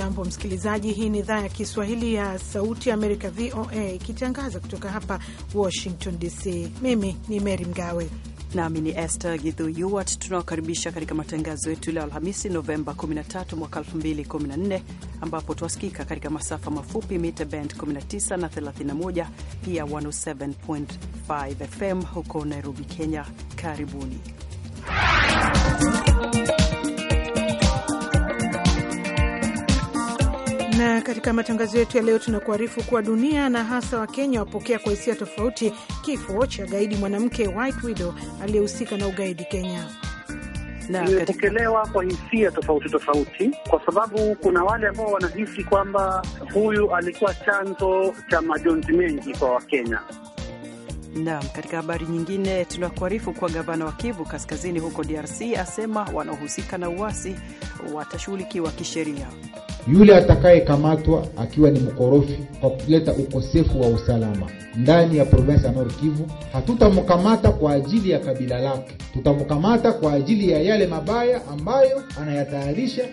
Hujambo msikilizaji, hii ni idhaa ya Kiswahili ya Sauti ya Amerika, VOA, ikitangaza kutoka hapa Washington DC. Mimi ni Mary Mgawe nami ni Esther Githu Yuwat. Tunawakaribisha katika matangazo yetu leo Alhamisi, Novemba 13 mwaka 2014, ambapo twasikika katika masafa mafupi mita band 19 na 31, pia 107.5 FM huko Nairobi, Kenya. Karibuni Na katika matangazo yetu ya leo tunakuarifu kuwa dunia na hasa Wakenya wapokea kwa hisia tofauti kifo cha gaidi mwanamke White Widow aliyehusika na ugaidi Kenya. Imepokelewa kwa hisia tofauti tofauti, kwa sababu kuna wale ambao wanahisi kwamba huyu alikuwa chanzo cha majonzi mengi kwa Wakenya. Naam, katika habari nyingine tunakuarifu kuwa gavana wa Kivu Kaskazini huko DRC asema wanaohusika na uasi watashughulikiwa kisheria. Yule atakayekamatwa akiwa ni mkorofi kwa kuleta ukosefu wa usalama ndani ya province ya Nord Kivu, hatutamkamata kwa ajili ya kabila lake, tutamkamata kwa ajili ya yale mabaya ambayo anayatayarisha.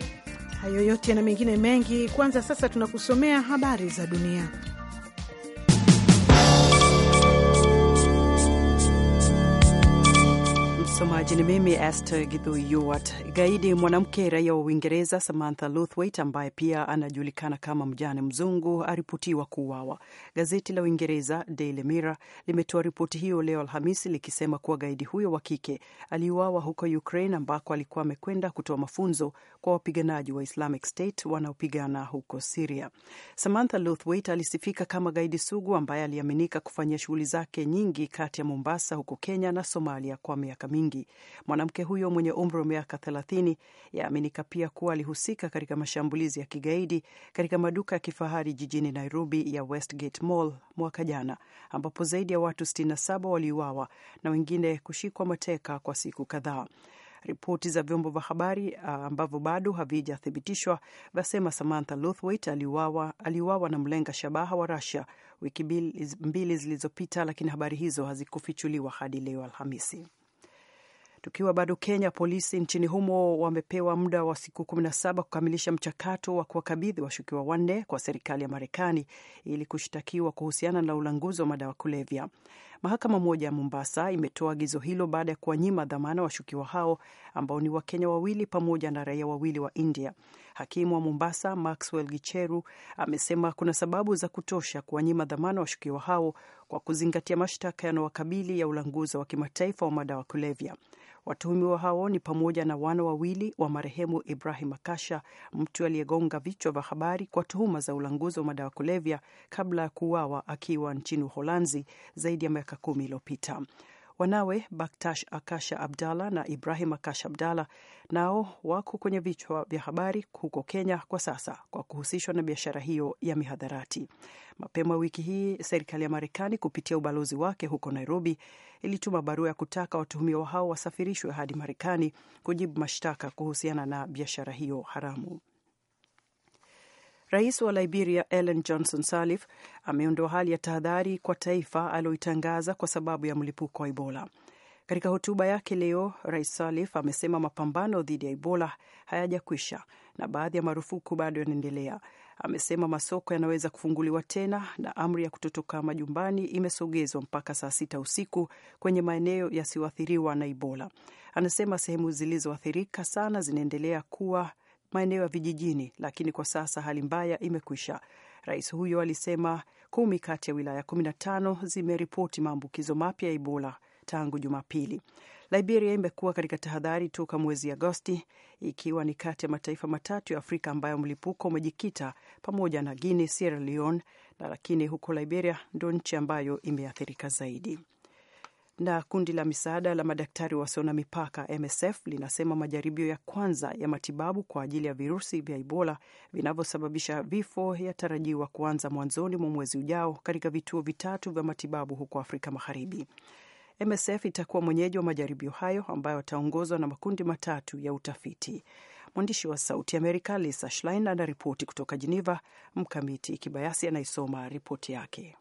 Hayo yote na mengine mengi, kwanza sasa tunakusomea habari za dunia. Msomaji ni mimi Esther Githui Gaidi mwanamke raia wa Uingereza Samantha Luthwaite, ambaye pia anajulikana kama mjane mzungu, aripotiwa kuuawa. Gazeti la Uingereza Daily Mirror limetoa ripoti hiyo leo Alhamisi likisema kuwa gaidi huyo wa kike aliuawa huko Ukraine, ambako alikuwa amekwenda kutoa mafunzo kwa wapiganaji wa Islamic State wanaopigana huko Siria. Samantha Luthwaite alisifika kama gaidi sugu ambaye aliaminika kufanyia shughuli zake nyingi kati ya Mombasa huko Kenya na Somalia kwa miaka mingi nyingi. Mwanamke huyo mwenye umri wa miaka 30 yaaminika pia kuwa alihusika katika mashambulizi ya kigaidi katika maduka ya kifahari jijini Nairobi ya Westgate Mall mwaka jana, ambapo zaidi ya watu 67 waliuawa na wengine kushikwa mateka kwa siku kadhaa. Ripoti za vyombo vya habari ah, ambavyo bado havijathibitishwa vasema Samantha Luthwaite aliuawa aliuawa na mlenga shabaha wa Russia wiki mbili zilizopita, lakini habari hizo hazikufichuliwa hadi leo Alhamisi. Tukiwa bado Kenya, polisi nchini humo wamepewa muda wa siku 17 kukamilisha mchakato wa kuwakabidhi washukiwa wanne kwa serikali ya Marekani ili kushtakiwa kuhusiana na ulanguzi wa madawa kulevya. Mahakama moja ya Mombasa imetoa agizo hilo baada ya kuwanyima dhamana washukiwa hao ambao ni Wakenya wawili pamoja na raia wawili wa India. Hakimu wa Mombasa Maxwell Gicheru amesema kuna sababu za kutosha kuwanyima dhamana washukiwa hao kwa kuzingatia mashtaka yanayowakabili ya ulanguzi wa kimataifa wa madawa kulevya. Watuhumiwa hao ni pamoja na wana wawili wa marehemu Ibrahim Akasha, mtu aliyegonga vichwa vya habari kwa tuhuma za ulanguzi wa madawa kulevya kabla ya kuuawa akiwa nchini Uholanzi zaidi ya miaka kumi iliyopita. Wanawe Baktash Akasha Abdalla na Ibrahim Akasha Abdalla nao wako kwenye vichwa vya habari huko Kenya kwa sasa kwa kuhusishwa na biashara hiyo ya mihadharati. Mapema wiki hii, serikali ya Marekani kupitia ubalozi wake huko Nairobi ilituma barua ya kutaka watuhumiwa hao wasafirishwe hadi Marekani kujibu mashtaka kuhusiana na biashara hiyo haramu. Rais wa Liberia Ellen Johnson Sirleaf ameondoa hali ya tahadhari kwa taifa aliyoitangaza kwa sababu ya mlipuko wa Ebola. Katika hotuba yake leo, Rais Sirleaf amesema mapambano dhidi ya Ebola hayajakwisha na baadhi ya marufuku bado yanaendelea. Amesema masoko yanaweza kufunguliwa tena na amri ya kutotoka majumbani imesogezwa mpaka saa sita usiku kwenye maeneo yasiyoathiriwa na Ebola. Anasema sehemu zilizoathirika sana zinaendelea kuwa maeneo ya vijijini, lakini kwa sasa hali mbaya imekwisha. Rais huyo alisema kumi kati ya wilaya 15 zimeripoti maambukizo mapya ya Ebola tangu Jumapili. Liberia imekuwa katika tahadhari toka mwezi Agosti, ikiwa ni kati ya mataifa matatu ya Afrika ambayo mlipuko umejikita pamoja na Guinea, Sierra Leone na lakini huko Liberia ndo nchi ambayo imeathirika zaidi. Na kundi la misaada la madaktari wasio na mipaka MSF linasema majaribio ya kwanza ya matibabu kwa ajili ya virusi vya Ebola vinavyosababisha vifo yatarajiwa kuanza mwanzoni mwa mwezi ujao katika vituo vitatu vya matibabu huko Afrika Magharibi. MSF itakuwa mwenyeji wa majaribio hayo ambayo ataongozwa na makundi matatu ya utafiti. Mwandishi wa Sauti Amerika Lisa Schlein anaripoti kutoka Jeneva. Mkamiti Kibayasi anaisoma ripoti yake.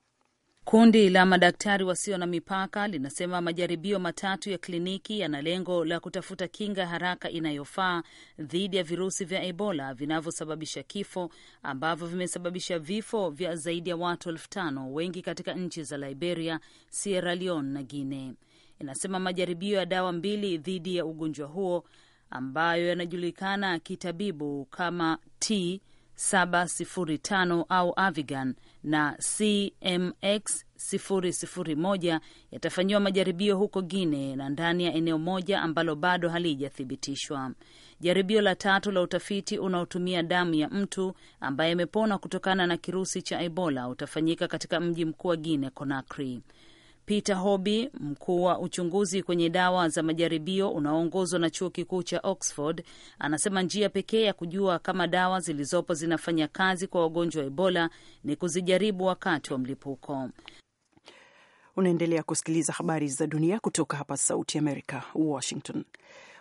Kundi la madaktari wasio na mipaka linasema majaribio matatu ya kliniki yana lengo la kutafuta kinga haraka inayofaa dhidi ya virusi vya Ebola vinavyosababisha kifo ambavyo vimesababisha vifo vya zaidi ya watu elfu tano wengi katika nchi za Liberia, Sierra Leone na Guinea. Inasema majaribio ya dawa mbili dhidi ya ugonjwa huo ambayo yanajulikana kitabibu kama T 75 au Avigan na CMX 001 yatafanyiwa majaribio huko guine na ndani ya eneo moja ambalo bado halijathibitishwa. Jaribio la tatu la utafiti unaotumia damu ya mtu ambaye amepona kutokana na kirusi cha Ebola utafanyika katika mji mkuu wa Guinea, Conakry. Peter Hobi, mkuu wa uchunguzi kwenye dawa za majaribio unaoongozwa na chuo kikuu cha Oxford, anasema njia pekee ya kujua kama dawa zilizopo zinafanya kazi kwa wagonjwa wa Ebola ni kuzijaribu wakati wa mlipuko. Unaendelea kusikiliza habari za dunia kutoka hapa Sauti Amerika, Washington.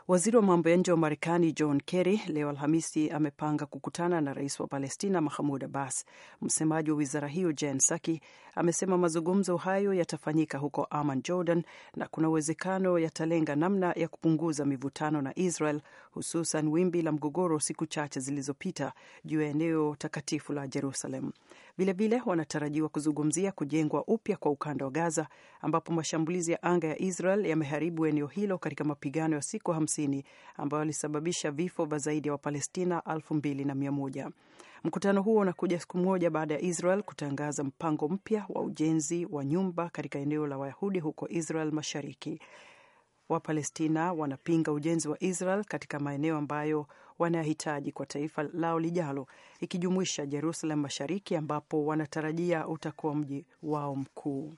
Waziri wa mambo ya nje wa Marekani John Kerry leo Alhamisi amepanga kukutana na rais wa Palestina Mahmud Abbas. Msemaji wa wizara hiyo Jen Psaki amesema mazungumzo hayo yatafanyika huko Amman, Jordan, na kuna uwezekano yatalenga namna ya kupunguza mivutano na Israel, hususan wimbi la mgogoro siku chache zilizopita juu ya eneo takatifu la Jerusalem. Vilevile wanatarajiwa kuzungumzia kujengwa upya kwa ukanda wa Gaza, ambapo mashambulizi ya anga ya Israel yameharibu eneo hilo katika mapigano ya siku 50 ambayo yalisababisha vifo vya zaidi ya Wapalestina 2100. Mkutano huo unakuja siku moja baada ya Israel kutangaza mpango mpya wa ujenzi wa nyumba katika eneo la Wayahudi huko Israel Mashariki. Wapalestina wanapinga ujenzi wa Israel katika maeneo ambayo wanayohitaji kwa taifa lao lijalo, ikijumuisha Jerusalem Mashariki ambapo wanatarajia utakuwa mji wao mkuu.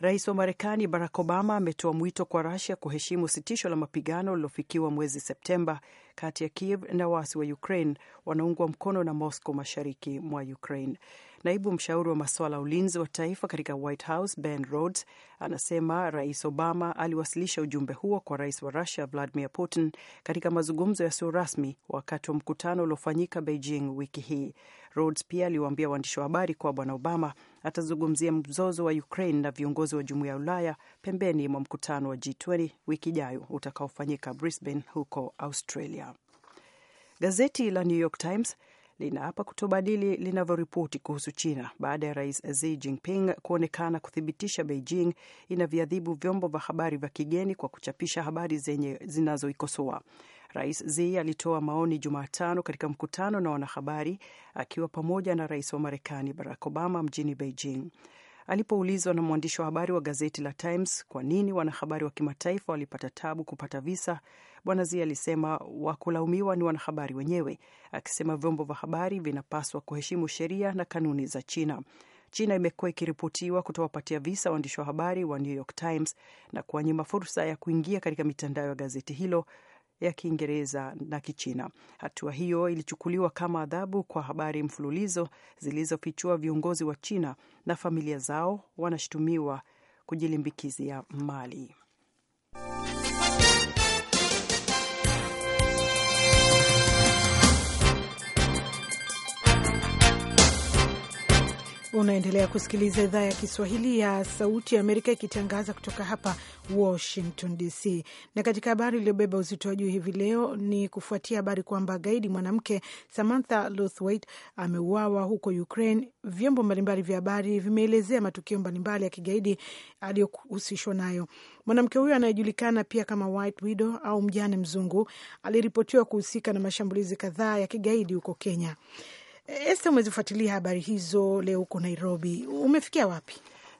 Rais wa Marekani Barack Obama ametoa mwito kwa rasia kuheshimu sitisho la mapigano lililofikiwa mwezi Septemba kati ya Kiev na waasi wa Ukraine wanaungwa mkono na Moscow mashariki mwa Ukraine. Naibu mshauri wa masuala ya ulinzi wa taifa katika White House Ben Rhodes anasema Rais Obama aliwasilisha ujumbe huo kwa rais wa Russia Vladimir Putin katika mazungumzo yasiyo rasmi wakati wa mkutano uliofanyika Beijing wiki hii. Rhodes pia aliwaambia waandishi wa habari kuwa Bwana Obama atazungumzia mzozo wa Ukraine na viongozi wa Jumuiya ya Ulaya pembeni mwa mkutano wa G20 wiki ijayo utakaofanyika Brisbane huko Australia. Gazeti la New York Times linaapa kutobadili linavyoripoti kuhusu China baada ya rais Xi Jinping kuonekana kuthibitisha Beijing inaviadhibu vyombo vya habari vya kigeni kwa kuchapisha habari zenye zinazoikosoa. Rais Xi alitoa maoni Jumatano katika mkutano na wanahabari akiwa pamoja na rais wa Marekani Barack Obama mjini Beijing alipoulizwa na mwandishi wa habari wa gazeti la Times kwa nini wanahabari wa kimataifa walipata tabu kupata visa, Bwana Zia alisema wakulaumiwa ni wanahabari wenyewe, akisema vyombo vya habari vinapaswa kuheshimu sheria na kanuni za China. China imekuwa ikiripotiwa kutowapatia visa waandishi wa habari wa New York Times na kuwanyima fursa ya kuingia katika mitandao ya gazeti hilo ya Kiingereza na Kichina. Hatua hiyo ilichukuliwa kama adhabu kwa habari mfululizo zilizofichua viongozi wa China na familia zao wanashutumiwa kujilimbikizia mali. Unaendelea kusikiliza idhaa ya Kiswahili ya Sauti ya Amerika ikitangaza kutoka hapa Washington DC. Na katika habari iliyobeba uzito wa juu hivi leo ni kufuatia habari kwamba gaidi mwanamke Samantha Luthwaite ameuawa huko Ukraine. Vyombo mbalimbali vya habari vimeelezea matukio mbalimbali ya kigaidi aliyohusishwa nayo. Mwanamke huyo anayejulikana pia kama White Widow au mjane mzungu aliripotiwa kuhusika na mashambulizi kadhaa ya kigaidi huko Kenya. Este, umezifuatilia habari hizo leo huko Nairobi, umefikia wapi?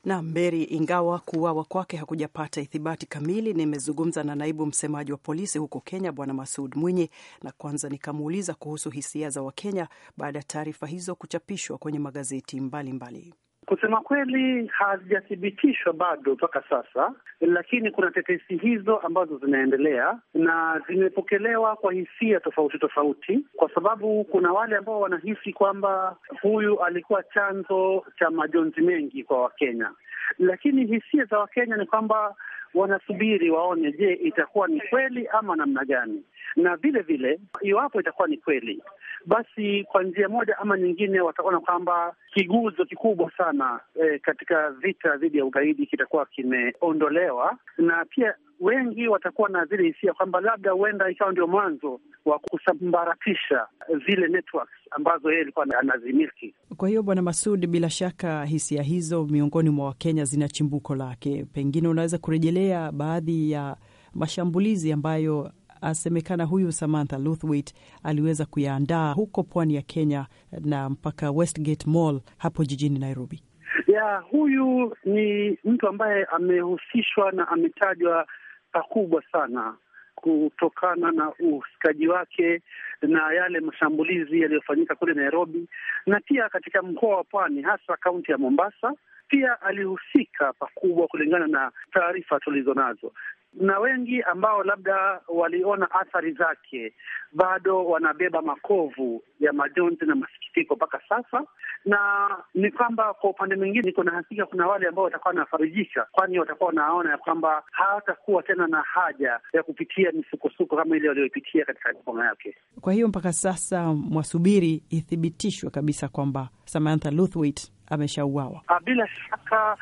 na Mberi, ingawa kuuawa kwake hakujapata ithibati kamili, nimezungumza na naibu msemaji wa polisi huko Kenya, Bwana Masud Mwinyi, na kwanza nikamuuliza kuhusu hisia za Wakenya baada ya taarifa hizo kuchapishwa kwenye magazeti mbalimbali mbali. Kusema kweli hazijathibitishwa bado mpaka sasa, lakini kuna tetesi hizo ambazo zinaendelea na zimepokelewa kwa hisia tofauti tofauti, kwa sababu kuna wale ambao wanahisi kwamba huyu alikuwa chanzo cha majonzi mengi kwa Wakenya, lakini hisia za Wakenya ni kwamba wanasubiri waone, je, itakuwa ni kweli ama namna gani? Na vile vile, iwapo itakuwa ni kweli, basi kwa njia moja ama nyingine wataona kwamba kiguzo kikubwa sana e, katika vita dhidi ya ugaidi kitakuwa kimeondolewa na pia wengi watakuwa na zile hisia kwamba labda huenda ikawa ndio mwanzo wa kusambaratisha zile networks ambazo yeye alikuwa anazimiliki. Kwa hiyo, Bwana Masud, bila shaka hisia hizo miongoni mwa Wakenya zina chimbuko lake. Pengine unaweza kurejelea baadhi ya mashambulizi ambayo asemekana huyu Samantha Luthwaite aliweza kuyaandaa huko pwani ya Kenya na mpaka Westgate Mall hapo jijini Nairobi. Ya huyu ni mtu ambaye amehusishwa na ametajwa pakubwa sana kutokana na uhusikaji wake na yale mashambulizi yaliyofanyika kule Nairobi na pia katika mkoa wa Pwani, hasa kaunti ya Mombasa. Pia alihusika pakubwa kulingana na taarifa tulizo nazo, na wengi ambao labda waliona athari zake bado wanabeba makovu ya majonzi na masikitiko mpaka sasa, na ni kwamba kwa upande mwingine, niko na hakika kuna wale ambao watakuwa wanafarijisha, kwani watakuwa wanaona ya kwamba hawatakuwa tena na haja ya kupitia misukosuko kama ile walioipitia katika mikono yake. Kwa hiyo mpaka sasa mwasubiri ithibitishwe kabisa kwamba Samantha Luthwaite ameshauawa ah, bila shaka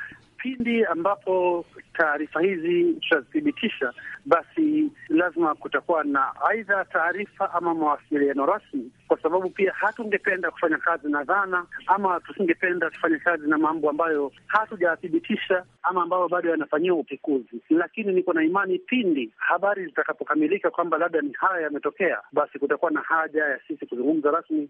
pindi ambapo taarifa hizi tutazithibitisha, basi lazima kutakuwa na aidha taarifa ama mawasiliano rasmi, kwa sababu pia hatungependa kufanya kazi na dhana ama tusingependa tufanye kazi na mambo ambayo hatujathibitisha ama ambayo bado yanafanyiwa upekuzi. Lakini niko na imani pindi habari zitakapokamilika kwamba labda ni haya yametokea, basi kutakuwa na haja ya sisi kuzungumza rasmi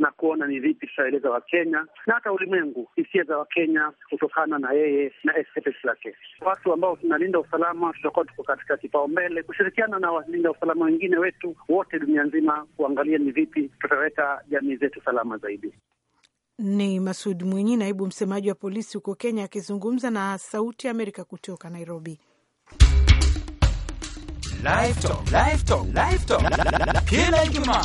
na kuona ni vipi tutaeleza Wakenya na hata ulimwengu hisia za Wakenya kutokana na yeye na estetiki lake. Watu ambao tunalinda usalama tutakuwa tuko katika kipaumbele kushirikiana na walinda usalama wengine wetu wote dunia nzima kuangalia ni vipi tutaweka jamii zetu salama zaidi. Ni Masud Mwinyi, naibu msemaji wa polisi huko Kenya, akizungumza na Sauti ya Amerika kutoka Nairobi. Live Talk, Live Talk, Live Talk kila Ijumaa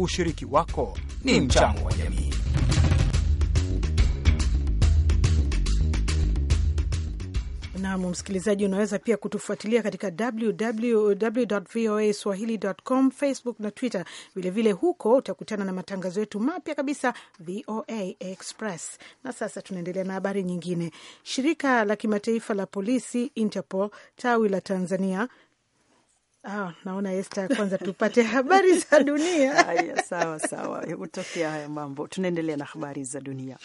Ushiriki wako ni mchango wa jamii. Nam msikilizaji, unaweza pia kutufuatilia katika swahilicom Facebook na Twitter vilevile vile. Huko utakutana na matangazo yetu mapya kabisa, VOA Express. Na sasa tunaendelea na habari nyingine. Shirika la kimataifa la polisi Interpol tawi la Tanzania Ah, naona Esta, kwanza tupate habari za dunia. Haya, sawa sawa, hutokea haya mambo. Tunaendelea na habari za dunia.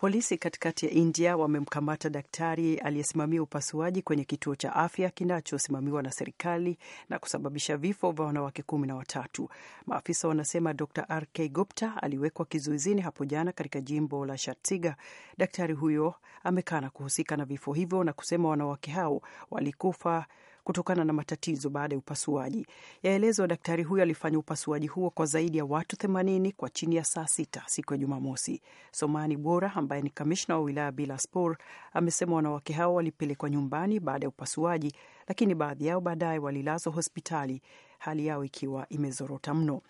Polisi katikati ya India wamemkamata daktari aliyesimamia upasuaji kwenye kituo cha afya kinachosimamiwa na serikali na kusababisha vifo vya wanawake kumi na watatu. Maafisa wanasema Dr RK Gupta aliwekwa kizuizini hapo jana katika jimbo la shatiga Daktari huyo amekana kuhusika na vifo hivyo na kusema wanawake hao walikufa kutokana na matatizo baada ya upasuaji. Yaelezwa daktari huyo alifanya upasuaji huo kwa zaidi ya watu 80 kwa chini ya saa sita siku ya Jumamosi. Somani Bora ambaye ni kamishna wa wilaya Bilaspor amesema wanawake hao walipelekwa nyumbani baada ya upasuaji, lakini baadhi yao baadaye walilazwa hospitali, hali yao ikiwa imezorota mno.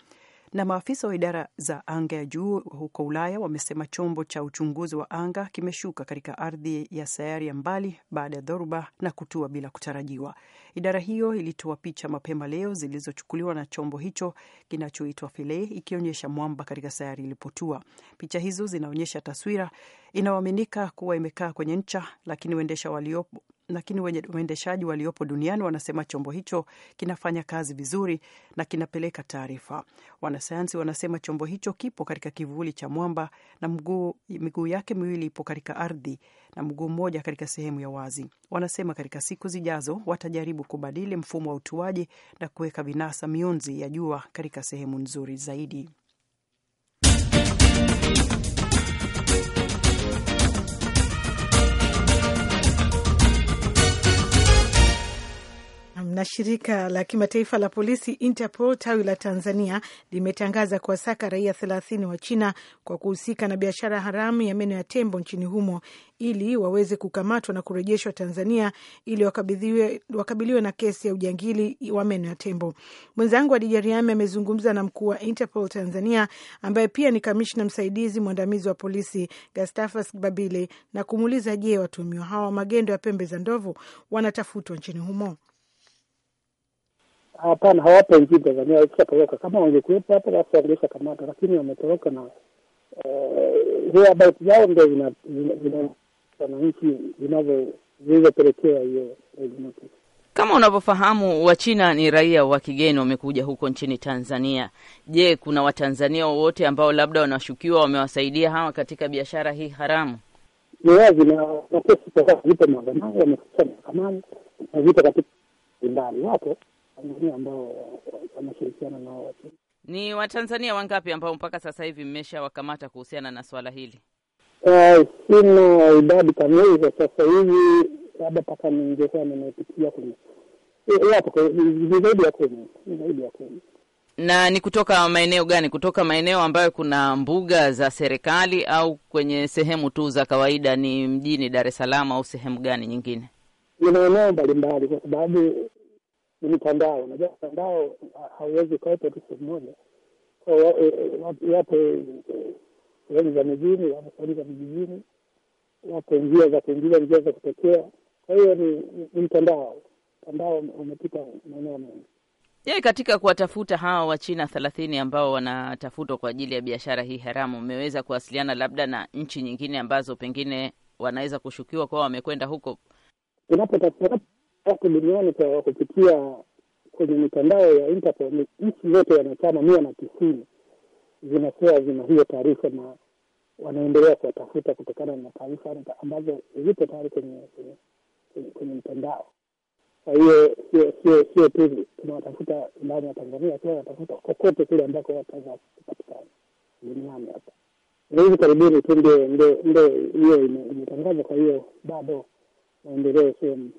Na maafisa wa idara za anga ya juu huko Ulaya wamesema chombo cha uchunguzi wa anga kimeshuka katika ardhi ya sayari ya mbali baada ya dhoruba na kutua bila kutarajiwa. Idara hiyo ilitoa picha mapema leo zilizochukuliwa na chombo hicho kinachoitwa Philae ikionyesha mwamba katika sayari ilipotua. Picha hizo zinaonyesha taswira inayoaminika kuwa imekaa kwenye ncha, lakini waendesha waliopo lakini waendeshaji waliopo duniani wanasema chombo hicho kinafanya kazi vizuri na kinapeleka taarifa. Wanasayansi wanasema chombo hicho kipo katika kivuli cha mwamba na mguu, miguu yake miwili ipo katika ardhi na mguu mmoja katika sehemu ya wazi. Wanasema katika siku zijazo watajaribu kubadili mfumo wa utuaji na kuweka vinasa mionzi ya jua katika sehemu nzuri zaidi. Na shirika la kimataifa la polisi Interpol tawi la Tanzania limetangaza kuwasaka raia thelathini wa China kwa kuhusika na biashara haramu ya meno ya tembo nchini humo ili waweze kukamatwa na kurejeshwa Tanzania ili wakabidhiwe, wakabiliwe na kesi ya ujangili wa meno ya tembo. Mwenzangu Adija Riami amezungumza na mkuu wa Interpol Tanzania ambaye pia ni kamishna msaidizi mwandamizi wa polisi Gastafas Babile na kumuuliza je, watumiwa hawa magendo ya pembe za ndovu wanatafutwa nchini humo? Hapana, hawapo nchini yaani Tanzania, walishatoroka. Kama wangekuwepo hapo basi wangeisha kamata, lakini wametoroka na eh, hiyo habari zao ndo wananchi zilizopelekea hiyo. Kama unavyofahamu, Wachina ni raia wa kigeni, wamekuja huko nchini Tanzania. Je, kuna Watanzania wowote ambao labda wanashukiwa wamewasaidia hawa katika biashara hii haramu? Ni wazi na kesi zipo mahakamani, wamefikishwa mahakamani na zipo katika mbali wapo Watanzania ambao wanashirikiana na watu. Ni Watanzania wangapi ambao mpaka sasa hivi mmeshawakamata kuhusiana na swala hili? Uh, sina idadi kamili za sasa hivi, labda mpaka ningekuwa nimepitia kwenye eh, zaidi ya kumi, zaidi ya kumi. Na ni kutoka maeneo gani? Kutoka maeneo ambayo kuna mbuga za serikali au kwenye sehemu tu za kawaida? Ni mjini Dar es Salaam au sehemu gani nyingine? Ni maeneo mbalimbali, kwa sababu ni mitandao. Unajua mtandao hauwezi ukawepo tu sehemu moja, e, e, wapo sehemu za mijini, wapo sehemu za vijijini, wapo njia za kuingiza, njia za kutokea. Kwa hiyo ni mtandao, mtandao umepita maeneo mengi. Je, katika kuwatafuta hawa Wachina thelathini ambao wanatafutwa kwa ajili ya biashara hii haramu, umeweza kuwasiliana labda na nchi nyingine ambazo pengine wanaweza kushukiwa kuwa wamekwenda huko? Unapotafuta watu duniani kwa kupitia kwenye mitandao ya Interpol, nchi zote wanachama mia na tisini zinakuwa zina hiyo taarifa na wanaendelea kuwatafuta kutokana na taarifa ambazo zipo tayari kwenye mtandao. Kwa hiyo sio tu tunawatafuta ndani ya Tanzania, pia wanatafuta kokote kule ambako wataweza kupatikana duniani. Hapa hivi karibuni tu ndio hiyo imetangazwa, kwa hiyo bado maendeleo sehemu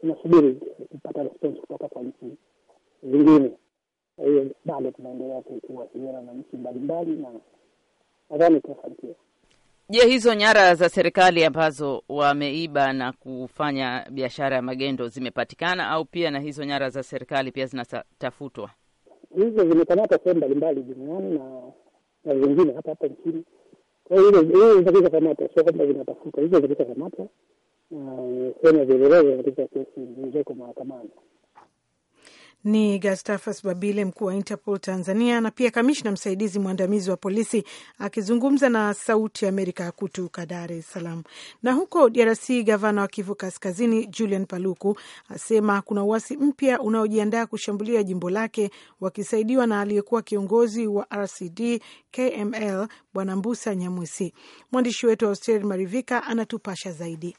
tunasubiri kupata response kutoka kwa nchi zingine. Kwa hiyo bado tunaendelea kuwasiliana na nchi mbalimbali, na nadhani tunafanikiwa. Je, hizo nyara za serikali ambazo wameiba na kufanya biashara ya magendo zimepatikana au pia na hizo nyara za serikali pia zinatafutwa? Hizo zimekamata sehemu mbalimbali duniani na zingine hapa hapa nchini. Kwa hiyo hizo zikishakamata, sio kwamba zinatafutwa, hizo zikishakamata vielelezo eh, katika kesi zilizoko mahakamani. Ni Gastafas Babile, mkuu wa Interpol Tanzania na pia kamishna msaidizi mwandamizi wa polisi akizungumza na Sauti Amerika kutoka Dar es Salaam. Na huko DRC, gavana wa Kivu Kaskazini Julian Paluku asema kuna uasi mpya unaojiandaa kushambulia jimbo lake, wakisaidiwa na aliyekuwa kiongozi wa RCD KML Bwana Mbusa Nyamwisi. Mwandishi wetu wa Austeri Marivika anatupasha zaidi.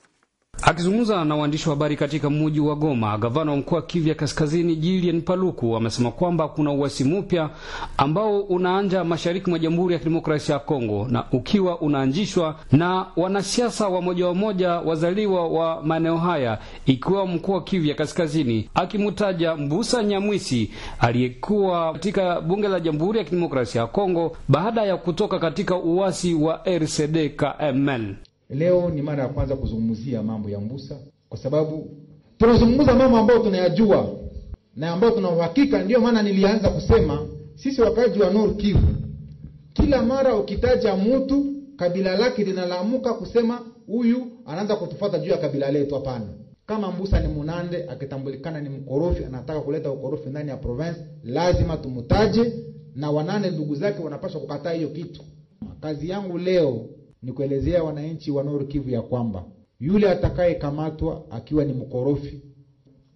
Akizungumza na waandishi wa habari katika mji wa Goma, gavana wa mkoa wa Kivu Kaskazini Julian Paluku amesema kwamba kuna uasi mpya ambao unaanja mashariki mwa Jamhuri ya Kidemokrasia ya Kongo na ukiwa unaanzishwa na wanasiasa wa moja wa moja wazaliwa wa maeneo haya ikiwa mkoa wa Kivu Kaskazini, akimtaja Mbusa Nyamwisi aliyekuwa katika bunge la Jamhuri ya Kidemokrasia ya Kongo baada ya kutoka katika uasi wa RCD-KML. Leo ni mara ya kwanza kuzungumzia mambo ya Mbusa kwa sababu tunazungumza mambo ambayo tunayajua na ambayo tuna uhakika. Ndio maana nilianza kusema sisi wakaji wa Nord Kivu, kila mara ukitaja mtu kabila lake linalamuka kusema huyu anaanza kutufuata juu ya kabila letu. Hapana, kama Mbusa ni Munande akitambulikana ni mkorofi, anataka kuleta ukorofi ndani ya province, lazima tumutaje, na Wanane ndugu zake wanapaswa kukataa hiyo kitu. Kazi yangu leo ni kuelezea wananchi wa Nord Kivu ya kwamba yule atakayekamatwa akiwa ni mkorofi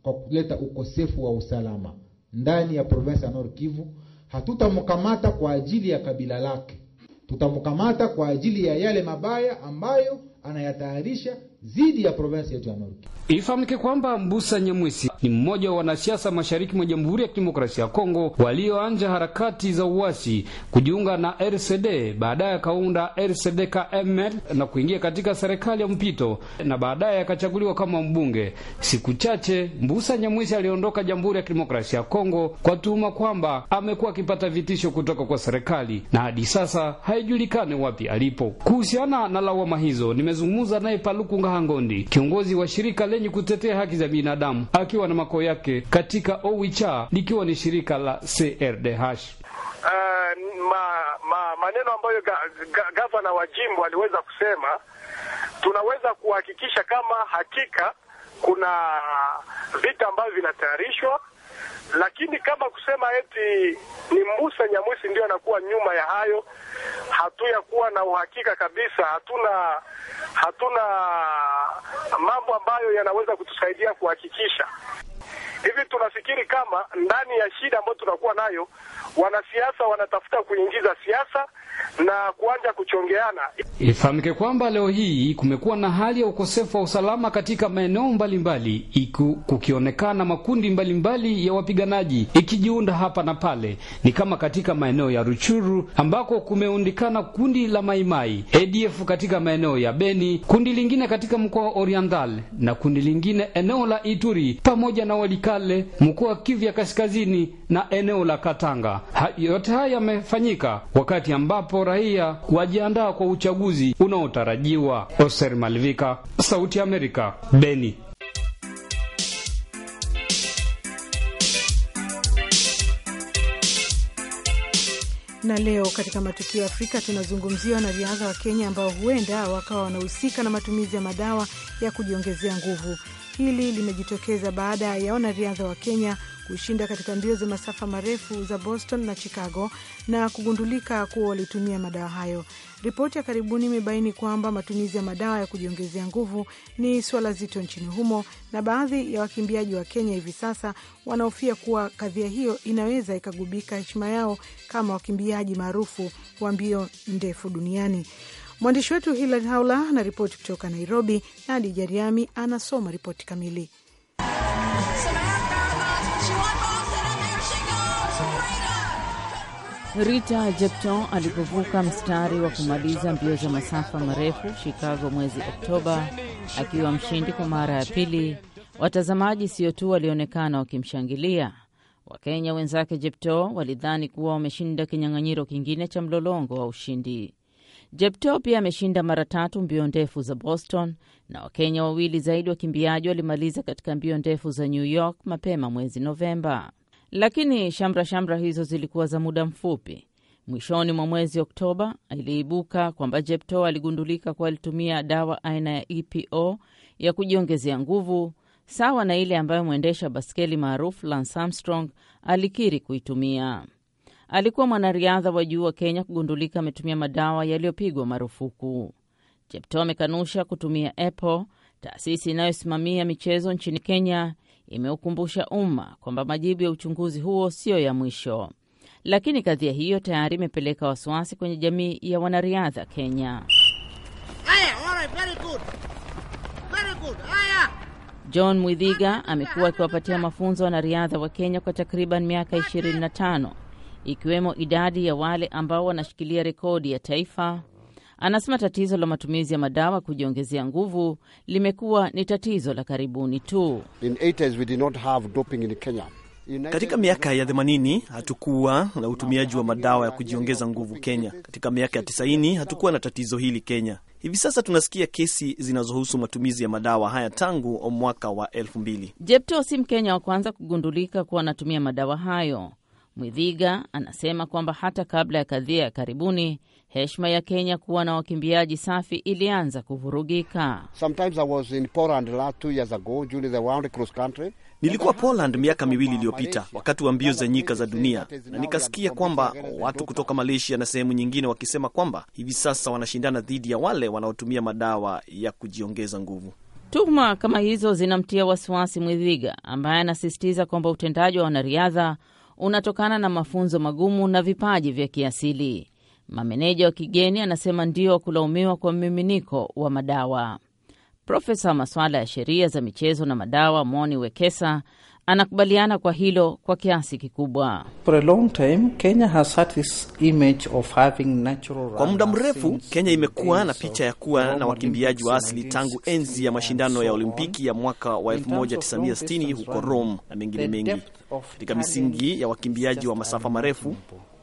kwa kuleta ukosefu wa usalama ndani ya province ya Nord Kivu, hatutamkamata kwa ajili ya kabila lake, tutamkamata kwa ajili ya yale mabaya ambayo anayatayarisha dhidi ya province yetu ya Nord Kivu. Ifahamike kwamba Mbusa Nyamwesi ni mmoja wa wanasiasa mashariki mwa Jamhuri ya Kidemokrasia ya Kongo walioanja harakati za uasi kujiunga na RCD, baadaye akaunda RCD KML na kuingia katika serikali ya mpito na baadaye akachaguliwa kama mbunge. Siku chache Mbusa Nyamwisi aliondoka Jamhuri ya Kidemokrasia ya Kongo kwa tuhuma kwamba amekuwa akipata vitisho kutoka kwa serikali na hadi sasa haijulikani wapi alipo. Kuhusiana na lawama hizo, nimezungumza naye Paluku Ngahangondi, kiongozi wa shirika lenye kutetea haki za binadamu akiwa na makao yake katika Owicha likiwa ni shirika la CRDH. Uh, ah, ma, ma, maneno ambayo ga, ga, gavana wa jimbo aliweza kusema, tunaweza kuhakikisha kama hakika kuna vita ambavyo vinatayarishwa lakini kama kusema eti ni Musa Nyamwisi ndio anakuwa nyuma ya hayo, hatuyakuwa kuwa na uhakika kabisa. Hatuna hatuna mambo ambayo yanaweza kutusaidia kuhakikisha tunafikiri kama ndani ya shida ambayo tunakuwa nayo, wanasiasa wanatafuta kuingiza siasa na kuanza kuchongeana. Ifahamike kwamba leo hii kumekuwa na hali ya ukosefu wa usalama katika maeneo mbalimbali, iku kukionekana makundi mbalimbali mbali ya wapiganaji ikijiunda hapa na pale, ni kama katika maeneo ya Ruchuru ambako kumeundikana kundi la Maimai ADF katika maeneo ya Beni, kundi lingine katika mkoa wa Oriental na kundi lingine eneo la Ituri pamoja na Walikale mkoa wa Kivu ya Kaskazini na eneo la Katanga. Ha, yote haya yamefanyika wakati ambapo raia wajiandaa kwa uchaguzi unaotarajiwa. Oser Malvika, Sauti ya Amerika, Beni. Na leo katika matukio ya Afrika tunazungumziwa na riadha wa Kenya ambao huenda wakawa wanahusika na matumizi ya madawa ya kujiongezea nguvu. Hili limejitokeza baada ya wanariadha wa Kenya kushinda katika mbio za masafa marefu za Boston na Chicago na kugundulika kuwa walitumia madawa hayo. Ripoti ya karibuni imebaini kwamba matumizi ya madawa ya kujiongezea nguvu ni suala zito nchini humo, na baadhi ya wakimbiaji wa Kenya hivi sasa wanahofia kuwa kadhia hiyo inaweza ikagubika heshima yao kama wakimbiaji maarufu wa mbio ndefu duniani. Mwandishi wetu Hilary Haula ripoti kutoka Nairobi na Adi Jariami anasoma ripoti kamili. Rita Jepton alipovuka mstari wa kumaliza mbio za masafa marefu Chicago mwezi Oktoba akiwa mshindi kwa mara ya pili, watazamaji sio tu walionekana wakimshangilia. Wakenya wenzake Jepto walidhani kuwa wameshinda kinyang'anyiro kingine cha mlolongo wa ushindi jepto pia ameshinda mara tatu mbio ndefu za Boston, na Wakenya wawili zaidi wakimbiaji walimaliza katika mbio ndefu za New York mapema mwezi Novemba. Lakini shamra shamra hizo zilikuwa za muda mfupi. Mwishoni mwa mwezi Oktoba iliibuka kwamba Jepto aligundulika kuwa alitumia dawa aina ya EPO ya kujiongezea nguvu, sawa na ile ambayo mwendesha baskeli maarufu Lance Armstrong alikiri kuitumia. Alikuwa mwanariadha wa juu wa Kenya kugundulika ametumia madawa yaliyopigwa marufuku. Chepto amekanusha kutumia Apple. Taasisi inayosimamia michezo nchini Kenya imeukumbusha umma kwamba majibu ya uchunguzi huo siyo ya mwisho, lakini kadhia hiyo tayari imepeleka wasiwasi kwenye jamii ya wanariadha Kenya. Aya, very good. Very good. Aya. John Mwidhiga amekuwa akiwapatia mafunzo wanariadha wa Kenya kwa takriban miaka 25 ikiwemo idadi ya wale ambao wanashikilia rekodi ya taifa. Anasema tatizo la matumizi ya madawa kujiongezea nguvu limekuwa ni tatizo la karibuni tu. Katika miaka ya 80 hatukuwa na utumiaji wa madawa ya kujiongeza nguvu Kenya. Katika miaka ya 90 hatukuwa na tatizo hili Kenya. Hivi sasa tunasikia kesi zinazohusu matumizi ya madawa haya tangu mwaka wa elfu mbili. Jepto si Mkenya wa kwanza kugundulika kuwa anatumia madawa hayo. Mwidhiga anasema kwamba hata kabla ya kadhia ya karibuni heshima ya Kenya kuwa na wakimbiaji safi ilianza kuvurugika. Nilikuwa Poland miaka miwili iliyopita wakati wa mbio za nyika za dunia, na nikasikia kwamba watu kutoka Malaysia na sehemu nyingine wakisema kwamba hivi sasa wanashindana dhidi ya wale wanaotumia madawa ya kujiongeza nguvu. Tuhuma kama hizo zinamtia wasiwasi Mwidhiga ambaye anasisitiza kwamba utendaji wa wanariadha unatokana na mafunzo magumu na vipaji vya kiasili. Mameneja wa kigeni, anasema, ndio wa kulaumiwa kwa mmiminiko wa madawa. Profesa wa masuala ya sheria za michezo na madawa Moni Wekesa anakubaliana kwa hilo kwa kiasi kikubwa. Kwa muda mrefu, Kenya imekuwa na picha ya kuwa na wakimbiaji wa asili tangu enzi ya mashindano ya Olimpiki ya mwaka wa 1960 huko Rome na mengine mengi. Katika misingi ya wakimbiaji wa masafa marefu,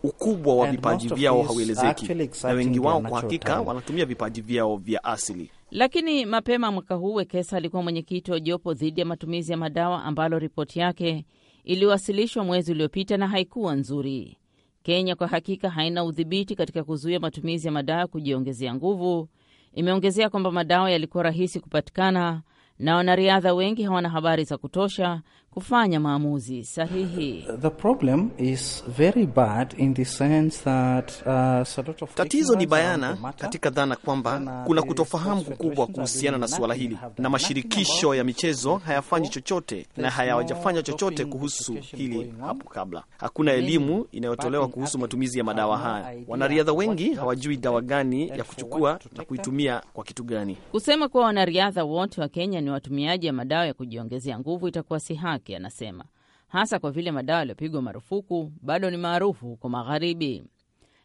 ukubwa wa vipaji vyao hauelezeki, na wengi wao kwa hakika wanatumia vipaji vyao vya asili. Lakini mapema mwaka huu Wekesa alikuwa mwenyekiti wa jopo dhidi ya matumizi ya madawa ambalo ripoti yake iliwasilishwa mwezi uliopita na haikuwa nzuri. Kenya kwa hakika haina udhibiti katika kuzuia matumizi ya madawa kujiongezea nguvu. Imeongezea kwamba madawa yalikuwa rahisi kupatikana na wanariadha wengi hawana habari za kutosha kufanya maamuzi sahihi. The problem is very bad in the sense that, uh, of tatizo ni bayana katika dhana kwamba uh, kuna kutofahamu kukubwa kuhusiana na suala hili, na mashirikisho ya michezo hayafanyi chochote na hayawajafanya chochote kuhusu hili hapo kabla. Hakuna elimu inayotolewa kuhusu matumizi ya madawa haya. Wanariadha wengi hawajui dawa gani ya kuchukua na kuitumia kwa kitu gani. Kusema kuwa wanariadha wote wa Kenya ni watumiaji ya madawa ya kujiongezea nguvu itakuwa si haki haki, anasema hasa kwa vile madawa yaliyopigwa marufuku bado ni maarufu huko Magharibi.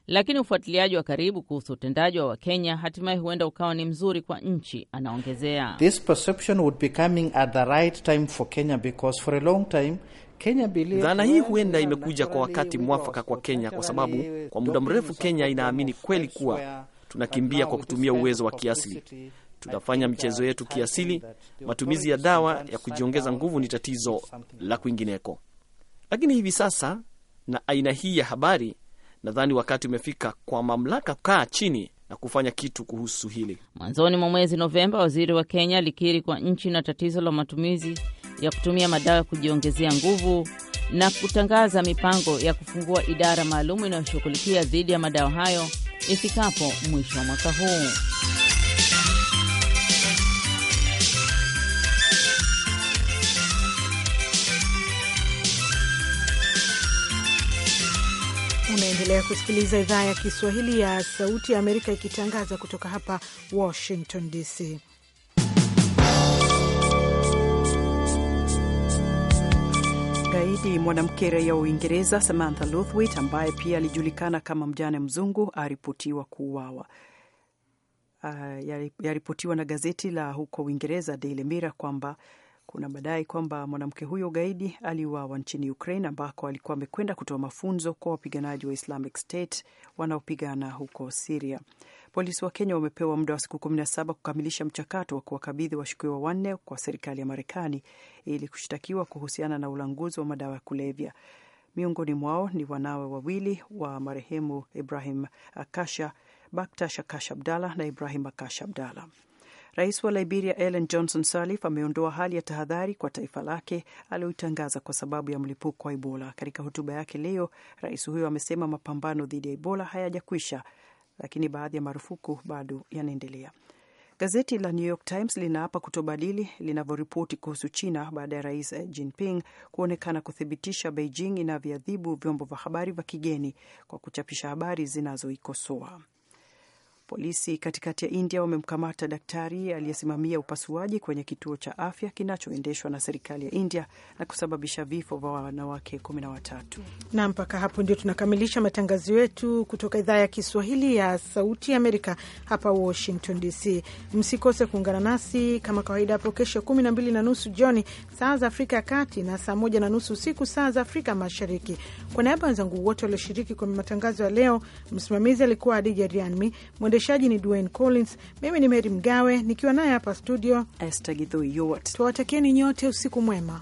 Lakini ufuatiliaji wa karibu kuhusu utendaji wa Wakenya hatimaye huenda ukawa ni mzuri kwa nchi, anaongezea. Dhana hii huenda imekuja kwa wakati mwafaka kwa Kenya, kwa sababu kwa muda mrefu Kenya inaamini kweli kuwa tunakimbia kwa kutumia uwezo wa kiasili tunafanya michezo yetu kiasili. Matumizi ya dawa ya kujiongeza nguvu ni tatizo la kwingineko, lakini hivi sasa na aina hii ya habari, nadhani wakati umefika kwa mamlaka kaa chini na kufanya kitu kuhusu hili. Mwanzoni mwa mwezi Novemba, waziri wa Kenya alikiri kwa nchi na tatizo la matumizi ya kutumia madawa ya kujiongezea nguvu na kutangaza mipango ya kufungua idara maalum inayoshughulikia dhidi ya madawa hayo ifikapo mwisho wa mwaka huu. Unaendelea kusikiliza idhaa ya Kiswahili ya Sauti ya Amerika ikitangaza kutoka hapa Washington DC. Gaidi mwanamke raia wa Uingereza Samantha Luthwit ambaye pia alijulikana kama mjane mzungu aripotiwa kuuawa. Uh, yaripotiwa na gazeti la huko Uingereza Daily Mirror kwamba kuna madai kwamba mwanamke huyo gaidi aliuawa nchini Ukraine ambako alikuwa amekwenda kutoa mafunzo kwa wapiganaji wa Islamic State wanaopigana huko Siria. Polisi wa Kenya wamepewa muda wa siku 17 kukamilisha mchakato wa kuwakabidhi washukiwa wanne kwa serikali ya Marekani ili kushtakiwa kuhusiana na ulanguzi wa madawa ya kulevya. Miongoni mwao ni wanawe wawili wa marehemu Ibrahim Akasha, Baktash Akash Abdalla na Ibrahim Akash Abdalla. Rais wa Liberia Ellen Johnson Sirleaf ameondoa hali ya tahadhari kwa taifa lake aliyoitangaza kwa sababu ya mlipuko wa Ebola. Katika hotuba yake leo, rais huyo amesema mapambano dhidi ya Ebola hayajakwisha, lakini baadhi ya marufuku bado yanaendelea. Gazeti la New York Times linaapa kutobadili linavyoripoti kuhusu China baada ya rais Jinping kuonekana kuthibitisha Beijing inavyoadhibu vyombo vya habari vya kigeni kwa kuchapisha habari zinazoikosoa. Polisi katikati ya India wamemkamata daktari aliyesimamia upasuaji kwenye kituo cha afya kinachoendeshwa na serikali ya India na kusababisha vifo vya wanawake kumi na watatu. Na mpaka hapo ndio tunakamilisha matangazo yetu kutoka idhaa ya Kiswahili ya Sauti ya Amerika hapa Washington DC. Msikose kuungana nasi kama kawaida hapo kesho kumi na mbili na nusu jioni saa za Afrika ya Kati na saa moja na nusu usiku saa za Afrika Mashariki. Kwa niaba wenzangu wote walioshiriki kwenye matangazo ya leo, msimamizi alikuwa Adija Mwendeshaji ni Dwayne Collins, mimi ni Meri Mgawe nikiwa naye hapa studio. Tuwatakieni nyote usiku mwema.